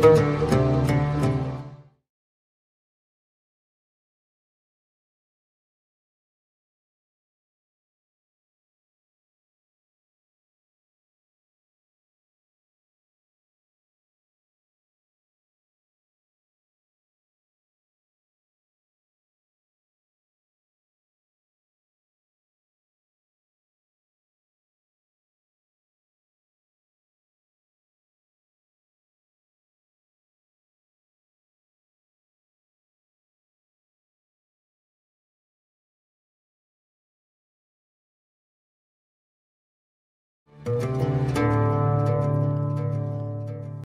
Música Thank you.